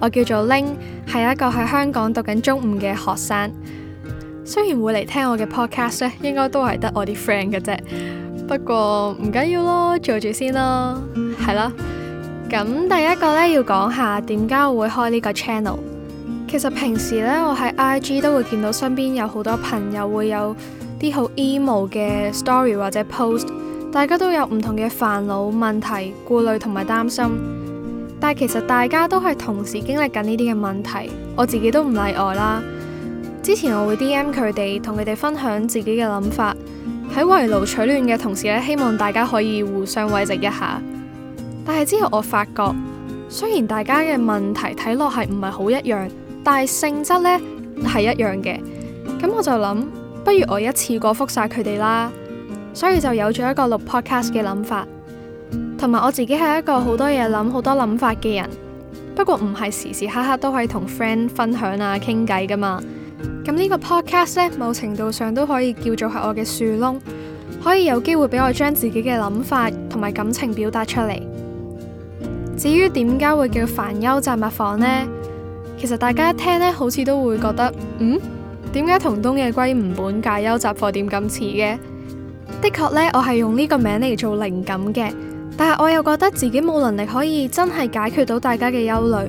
我叫做 Ling 係一個喺香港讀緊中五嘅學生。雖然會嚟聽我嘅 podcast 咧，應該都係得我啲 friend 嘅啫。不過唔緊要咯，做住先啦，係、mm hmm. 啦。咁第一個呢，要講下點解我會開呢個 channel。其實平時呢，我喺 IG 都會見到身邊有好多朋友會有啲好 emo 嘅 story 或者 post，大家都有唔同嘅煩惱、問題、顧慮同埋擔心。但係其實大家都係同時經歷緊呢啲嘅問題，我自己都唔例外啦。之前我會 DM 佢哋，同佢哋分享自己嘅諗法，喺圍爐取暖嘅同時咧，希望大家可以互相慰藉一下。但係之後我發覺，雖然大家嘅問題睇落係唔係好一樣，但係性質咧係一樣嘅。咁我就諗，不如我一次過覆晒佢哋啦，所以就有咗一個錄 podcast 嘅諗法。同埋我自己係一個好多嘢諗好多諗法嘅人，不過唔係時時刻刻都可以同 friend 分享啊傾偈噶嘛。咁呢個 podcast 呢，某程度上都可以叫做係我嘅樹窿，可以有機會俾我將自己嘅諗法同埋感情表達出嚟。至於點解會叫煩憂雜物房呢？其實大家一聽呢，好似都會覺得嗯，點解同東野圭吾本解憂雜貨店咁似嘅？的確呢，我係用呢個名嚟做靈感嘅。但係我又覺得自己冇能力可以真係解決到大家嘅憂慮，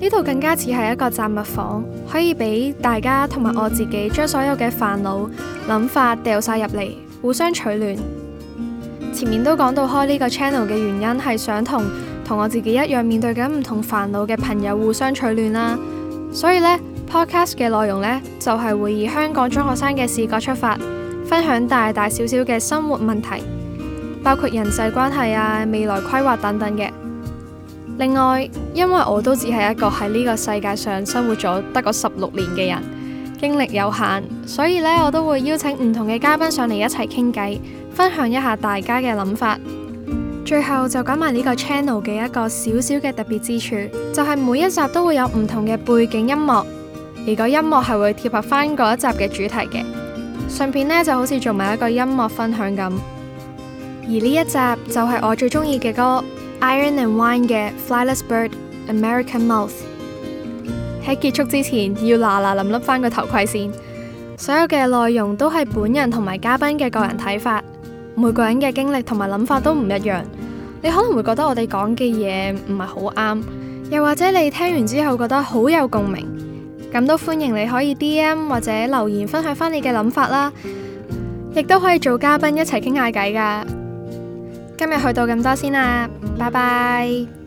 呢度更加似係一個雜物房，可以俾大家同埋我自己將所有嘅煩惱、諗法掉晒入嚟，互相取暖。前面都講到開呢個 channel 嘅原因係想同同我自己一樣面對緊唔同煩惱嘅朋友互相取暖啦，所以呢 podcast 嘅內容呢，就係、是、會以香港中學生嘅視覺出發，分享大大小小嘅生活問題。包括人際關係啊、未來規劃等等嘅。另外，因為我都只係一個喺呢個世界上生活咗得個十六年嘅人，經歷有限，所以呢，我都會邀請唔同嘅嘉賓上嚟一齊傾偈，分享一下大家嘅諗法。最後就講埋呢個 channel 嘅一個小小嘅特別之處，就係每一集都會有唔同嘅背景音樂，而個音樂係會貼合翻嗰一集嘅主題嘅。順便呢，就好似做埋一個音樂分享咁。而呢一集就係、是、我最中意嘅歌，Iron and Wine 嘅《Flyless Bird》，American Mouth。喺結束之前，要嗱嗱臨笠翻個頭盔先。所有嘅內容都係本人同埋嘉賓嘅個人睇法，每個人嘅經歷同埋諗法都唔一樣。你可能會覺得我哋講嘅嘢唔係好啱，又或者你聽完之後覺得好有共鳴，咁都歡迎你可以 DM 或者留言分享翻你嘅諗法啦。亦都可以做嘉賓一齊傾下偈噶。今日去到咁多先啦，拜拜。